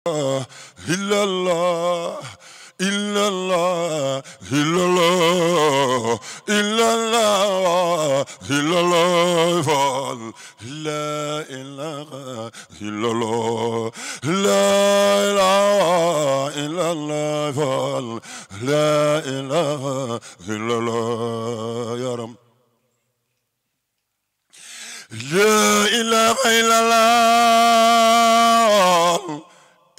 illallah illallah illallah illallah illallah la ilaha illallah la ilaha illallah la ilaha illallah ya Rabb la ilaha illallah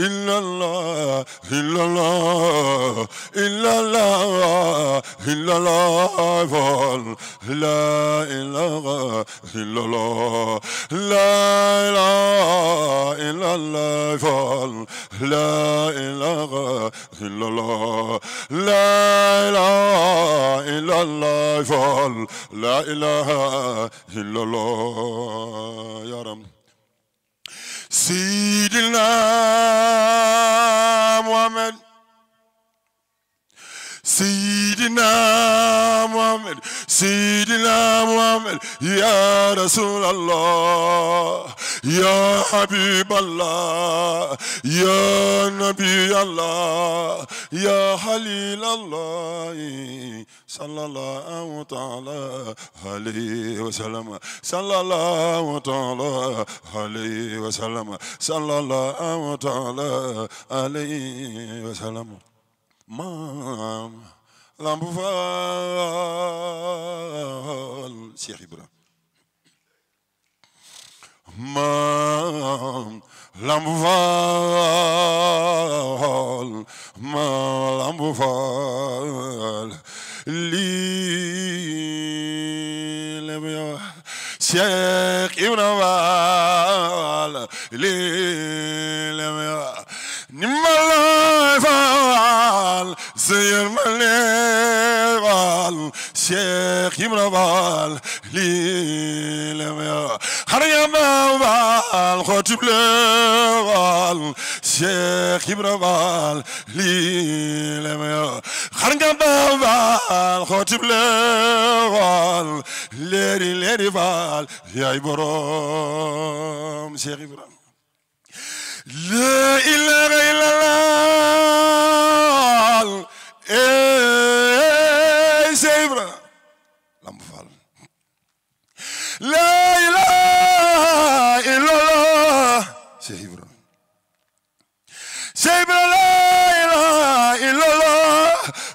إلا الله إلا الله إلا الله إلا الله لا إله إلا الله لا إله إلا الله لا إله إلا الله لا إله إلا الله لا إله إلا الله يا رب سيدنا محمد سيدنا محمد سيدنا محمد يا رسول الله يا حبيب الله يا نبي الله يا خليل الله صلى الله تعالى عليه وسلم صلى الله تعالى عليه وسلم صلى الله تعالى عليه وسلم مام lamb faal Cheikh lamb faal la lii Cheikh Ibra Fall lii la ma xarala Fall xotib la Fall Cheikh Ibra Fall lii la ma xarala Fall xotib la Fall leeri leeri Fall yaay borom Cheikh Ibra.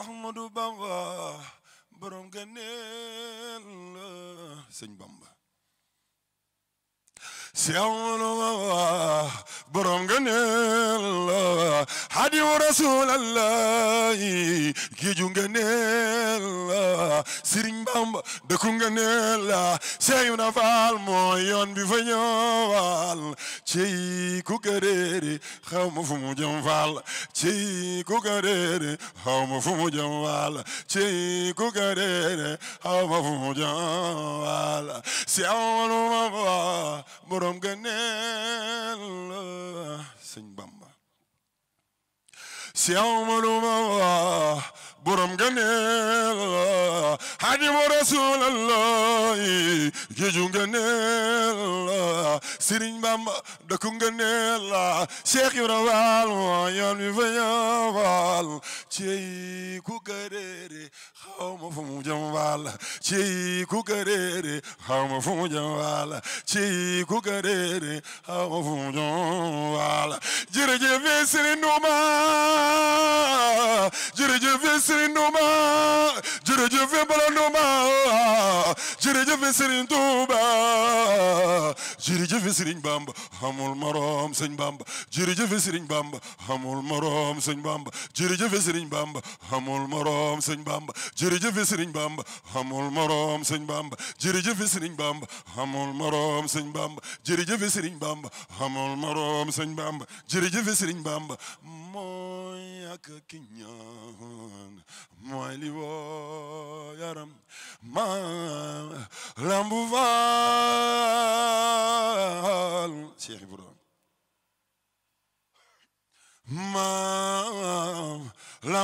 Ahmadu Bamba borom gëneel sëñ Bamba سيولوا برم غنيل حديو رسول الله جيجو غنيل سيرين بامبا دكو غنيل سيونا فال مويون بفنيوال تشي كوكريري خام فمو جنفال تشي كوكريري خام فمو جنفال تشي كوكريري خام فمو جنفال Seexul Bamba borom gëneel sëñ Bamba Seexul Bamba borom gëneel Xaadimu Rasuulillaahi jeju gëneel Sëriñ Bamba dëkku ngëneel la Cheikh Ibra Faal moo yoon wi fa ñëwal ciy ku ko réere ma fu mu jëm wàll ciy ku ko ma fu mu jëm wàll ciy ku ko réere xaw ma fu mu jëm wàll jërëjëf Sëriñ jërëjëf sëriñ Bamba amul morom sëñ Bamba jërëjëf sëriñ Bamba amul morom sëñ Bamba jërëjëf sëriñ Bamba amul morom sëñ Bamba jërëjëf sëriñ Bamba amul morom sëñ Bamba jërëjëf sëriñ Bamba amul morom sëñ Bamba jërëjëf sëriñ Bamba amul morom sëñ Bamba jërëjëf sëriñ Bamba mooy ak ki ñaan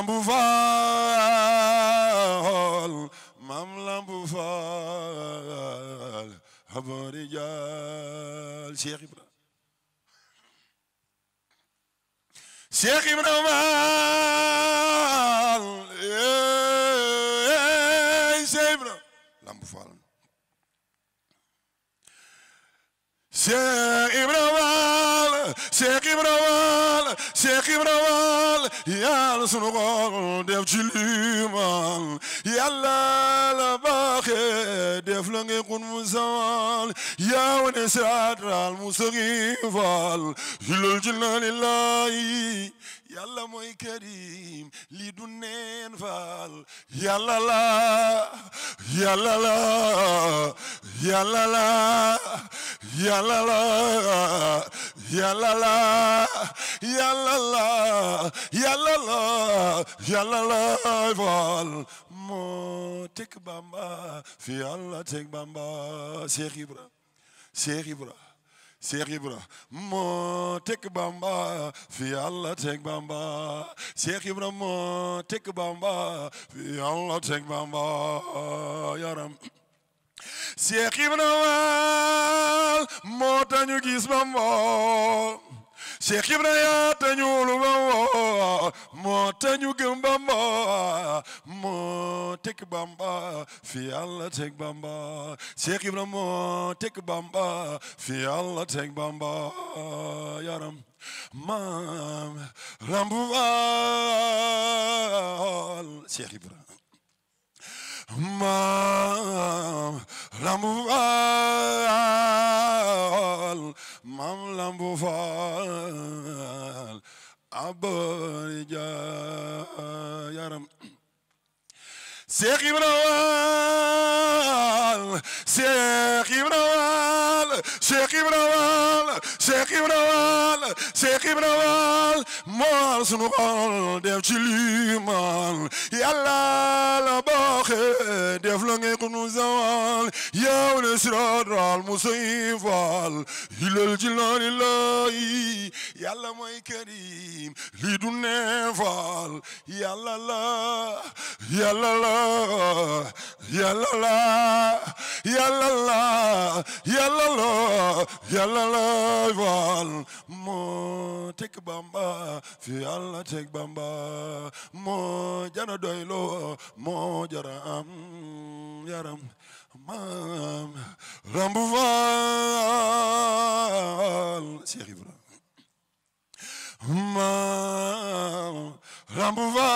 lambu faal maam lambu faal abori jaal Cheikh Ibrahima Cheikh Ibrahima ey eh, Cheikh Ibrahima lambu faal Cheikh Ibrahima Cheikh Ibra Fall yàlla sunu la baaxe def la ngay kun mu sawal يا وني سراد المستقيم فال جلل جلال الله yàlla mooy karim lii du neen faal yàlla la yàlla la yàlla la yàlla la yàlla la yàlla la yàlla la yàlla la faal moo teg bamba fi yàlla teg bamba Cheikh Ibra Cheikh Ibra Cheikh Ibra moo tekk Bamba fi Yàlla tekk Bamba Cheikh Ibra moo tekk Bamba fi Yàlla tekk Bamba yaram Cheikh Ibra moo tañu gis Bamba Cheikh Ibra yaa tañu lu Bamba moo tañu gëm Bamba tek Bamba fi Yàlla tek Bamba Cheikh Ibrahima tek Bamba fi Yàlla tek Bamba yaram maam Lambu Baal Cheikh Ibrahima maam Lambu Baal Cheikh Ibra Fall Cheikh Ibra Fall Ibra Faal Cheikh Ibra Faal Cheikh Ibra Faal mool sunu xol def ci liman yàlla la baaxe def la ngay xunu zawal yow le sirat al musayib faal hilal jilaani laayi yàlla mooy karim li du ne faal yàlla la yàlla la yàlla la yàlla lay wal moo teg bamba fi yàlla teg bamba moo jana doylo moo jara yaram rambu faal Cheikh Ibrahima rambu faal